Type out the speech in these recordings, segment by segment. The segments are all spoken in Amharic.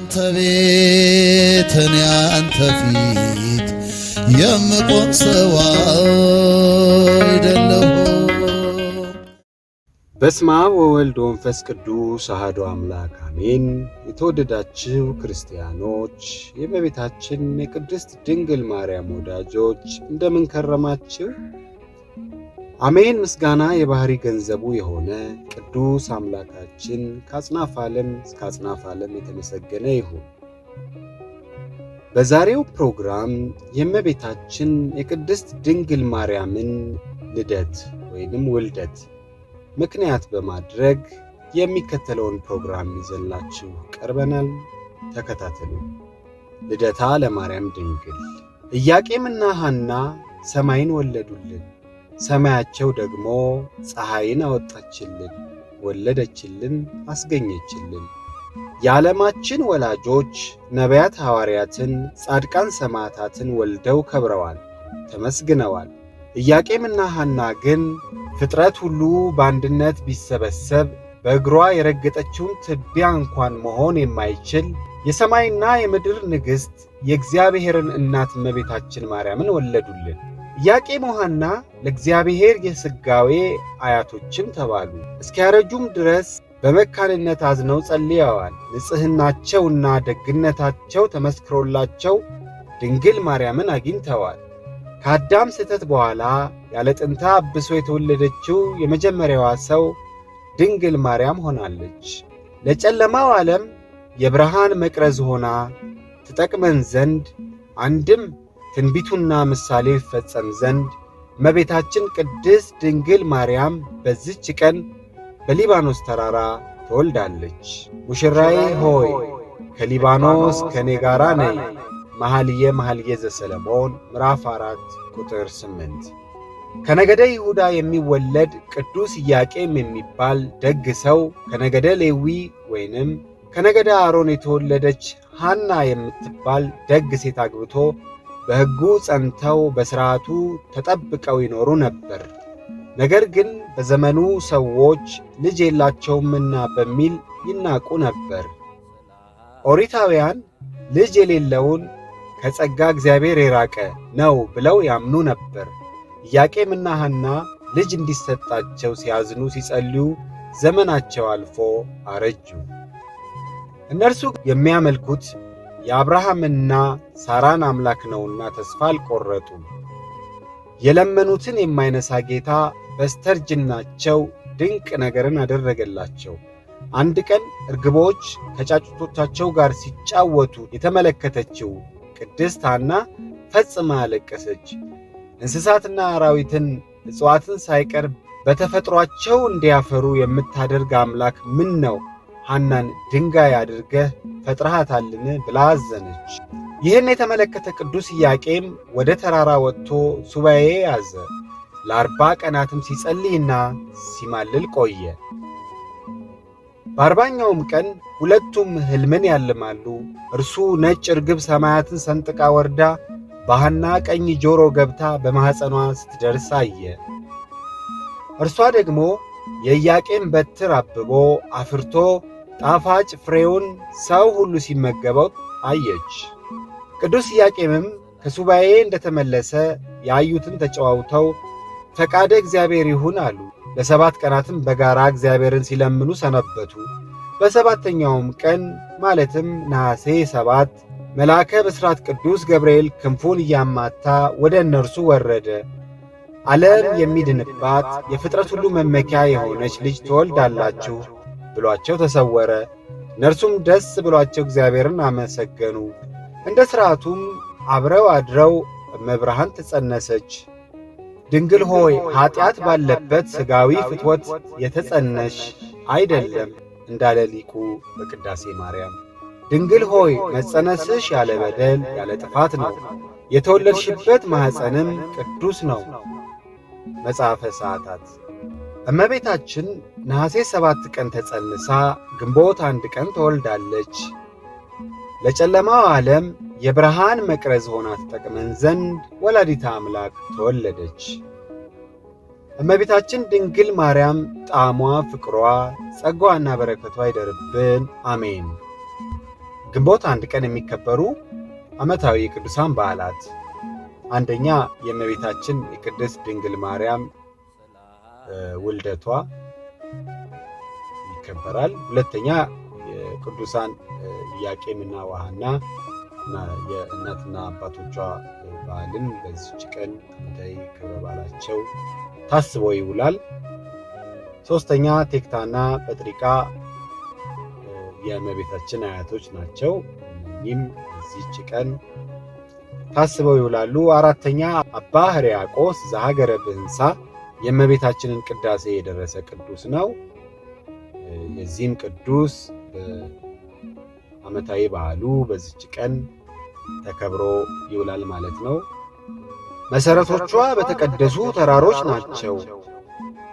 አንተ ቤት እኔ አንተ ፊት የምቆም ሰው አይደለሁ። በስመ አብ ወወልድ ወመንፈስ ቅዱስ አሐዱ አምላክ አሜን። የተወደዳችሁ ክርስቲያኖች፣ የእመቤታችን የቅድስት ድንግል ማርያም ወዳጆች እንደምን ከረማችሁ? አሜን። ምስጋና የባህሪ ገንዘቡ የሆነ ቅዱስ አምላካችን ከአጽናፍ ዓለም እስከ አጽናፍ ዓለም የተመሰገነ ይሁን። በዛሬው ፕሮግራም የእመቤታችን የቅድስት ድንግል ማርያምን ልደት ወይንም ውልደት ምክንያት በማድረግ የሚከተለውን ፕሮግራም ይዘላችሁ ቀርበናል። ተከታተሉ። ልደታ ለማርያም ድንግል ኢያቄምና ሐና ሰማይን ወለዱልን ሰማያቸው ደግሞ ፀሐይን አወጣችልን፣ ወለደችልን፣ አስገኘችልን። የዓለማችን ወላጆች ነቢያት፣ ሐዋርያትን፣ ጻድቃን፣ ሰማዕታትን ወልደው ከብረዋል፣ ተመስግነዋል። ኢያቄምና ሐና ግን ፍጥረት ሁሉ በአንድነት ቢሰበሰብ በእግሯ የረገጠችውን ትቢያ እንኳን መሆን የማይችል የሰማይና የምድር ንግሥት የእግዚአብሔርን እናት እመቤታችን ማርያምን ወለዱልን። ጥያቄ ሐና ለእግዚአብሔር የሥጋዌ አያቶችም ተባሉ። እስኪያረጁም ድረስ በመካንነት አዝነው ጸልየዋል። ንጽሕናቸውና ደግነታቸው ተመስክሮላቸው ድንግል ማርያምን አግኝተዋል። ከአዳም ስህተት በኋላ ያለ ጥንታ አብሶ የተወለደችው የመጀመሪያዋ ሰው ድንግል ማርያም ሆናለች። ለጨለማው ዓለም የብርሃን መቅረዝ ሆና ትጠቅመን ዘንድ አንድም ትንቢቱና ምሳሌ ይፈጸም ዘንድ እመቤታችን ቅድስት ድንግል ማርያም በዚች ቀን በሊባኖስ ተራራ ትወልዳለች። ሙሽራዬ ሆይ ከሊባኖስ ከእኔ ጋር ነይ። መኃልየ መኃልየ ዘሰለሞን ምዕራፍ 4 ቁጥር 8። ከነገደ ይሁዳ የሚወለድ ቅዱስ ኢያቄም የሚባል ደግ ሰው ከነገደ ሌዊ ወይንም ከነገደ አሮን የተወለደች ሐና የምትባል ደግ ሴት አግብቶ በሕጉ ጸንተው በሥርዓቱ ተጠብቀው ይኖሩ ነበር። ነገር ግን በዘመኑ ሰዎች ልጅ የላቸውምና በሚል ይናቁ ነበር። ኦሪታውያን ልጅ የሌለውን ከጸጋ እግዚአብሔር የራቀ ነው ብለው ያምኑ ነበር። ኢያቄምና ሐና ልጅ እንዲሰጣቸው ሲያዝኑ፣ ሲጸልዩ ዘመናቸው አልፎ አረጁ። እነርሱ የሚያመልኩት የአብርሃምና ሳራን አምላክ ነውና ተስፋ አልቆረጡም። የለመኑትን የማይነሳ ጌታ በስተርጅናቸው ድንቅ ነገርን አደረገላቸው። አንድ ቀን እርግቦች ከጫጩቶቻቸው ጋር ሲጫወቱ የተመለከተችው ቅድስት ሐና ፈጽማ አለቀሰች። እንስሳትና አራዊትን እጽዋትን ሳይቀር በተፈጥሯቸው እንዲያፈሩ የምታደርግ አምላክ ምን ነው ሐናን ድንጋይ አድርገህ ፈጥረሃታልን ብላ አዘነች። ይህን የተመለከተ ቅዱስ ኢያቄም ወደ ተራራ ወጥቶ ሱባኤ ያዘ። ለአርባ ቀናትም ሲጸልይና ሲማልል ቆየ። በአርባኛውም ቀን ሁለቱም ሕልምን ያልማሉ። እርሱ ነጭ ርግብ ሰማያትን ሰንጥቃ ወርዳ በሐና ቀኝ ጆሮ ገብታ በማኅፀኗ ስትደርስ አየ። እርሷ ደግሞ የኢያቄም በትር አብቦ አፍርቶ ጣፋጭ ፍሬውን ሰው ሁሉ ሲመገበው አየች። ቅዱስ ኢያቄምም ከሱባኤ እንደተመለሰ ያዩትን ተጨዋውተው ፈቃደ እግዚአብሔር ይሁን አሉ። ለሰባት ቀናትም በጋራ እግዚአብሔርን ሲለምኑ ሰነበቱ። በሰባተኛውም ቀን ማለትም ነሐሴ ሰባት መልአከ ብሥራት ቅዱስ ገብርኤል ክንፉን እያማታ ወደ እነርሱ ወረደ። ዓለም የሚድንባት የፍጥረት ሁሉ መመኪያ የሆነች ልጅ ትወልዳላችሁ ብሏቸው ተሰወረ። እነርሱም ደስ ብሏቸው እግዚአብሔርን አመሰገኑ። እንደ ሥርዓቱም አብረው አድረው መብርሃን ተጸነሰች። ድንግል ሆይ ኀጢአት ባለበት ሥጋዊ ፍትወት የተጸነሽ አይደለም እንዳለ ሊቁ በቅዳሴ ማርያም። ድንግል ሆይ መጸነስሽ ያለ በደል ያለ ጥፋት ነው። የተወለድሽበት ማኅፀንም ቅዱስ ነው። መጽሐፈ ሰዓታት እመቤታችን ነሐሴ ሰባት ቀን ተጸንሳ ግንቦት አንድ ቀን ተወልዳለች። ለጨለማው ዓለም የብርሃን መቅረዝ ሆና ትጠቅመን ዘንድ ወላዲተ አምላክ ተወለደች። እመቤታችን ድንግል ማርያም ጣዕሟ፣ ፍቅሯ፣ ጸጓና በረከቷ አይደርብን አሜን። ግንቦት አንድ ቀን የሚከበሩ ዓመታዊ የቅዱሳን በዓላት አንደኛ የእመቤታችን የቅድስት ድንግል ማርያም ውልደቷ ይከበራል። ሁለተኛ የቅዱሳን ኢያቄምና ሐናና የእናትና አባቶቿ በዓልም በዚች ቀን ጥንታዊ ክብረ በዓላቸው ታስቦ ይውላል። ሶስተኛ ቴክታና በጥሪቃ የእመቤታችን አያቶች ናቸው። እነዚህም በዚች ቀን ታስበው ይውላሉ። አራተኛ አባ ሕርያቆስ ዘሀገረ ብህንሳ የእመቤታችንን ቅዳሴ የደረሰ ቅዱስ ነው። የዚህም ቅዱስ ዓመታዊ በዓሉ በዚች ቀን ተከብሮ ይውላል ማለት ነው። መሠረቶቿ በተቀደሱ ተራሮች ናቸው።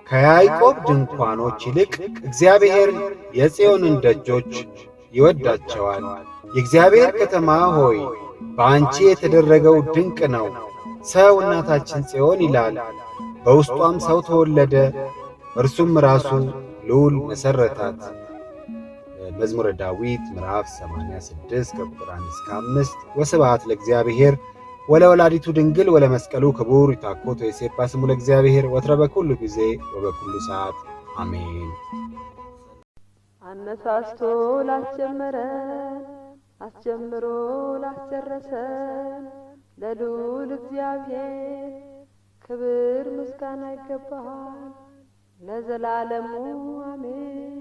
ከያዕቆብ ድንኳኖች ይልቅ እግዚአብሔር የጽዮንን ደጆች ይወዳቸዋል። የእግዚአብሔር ከተማ ሆይ በአንቺ የተደረገው ድንቅ ነው። ሰው እናታችን ጽዮን ይላል፣ በውስጧም ሰው ተወለደ፣ እርሱም ራሱ ልዑል መሠረታት። መዝሙረ ዳዊት ምዕራፍ 86 ከቁጥር 1 እስከ 5። ወስብሐት ለእግዚአብሔር ወለወላዲቱ ድንግል ወለመስቀሉ ክቡር ይታኮት የሴባ ስሙ ለእግዚአብሔር ወትረ በኩሉ ጊዜ ወበኩሉ ሰዓት አሜን። አነሳስቶ ላስጀመረን አስጀምሮ ላስጨረሰን ለልዑል እግዚአብሔር ክብር ምስጋና ይገባል ለዘላለሙ አሜን።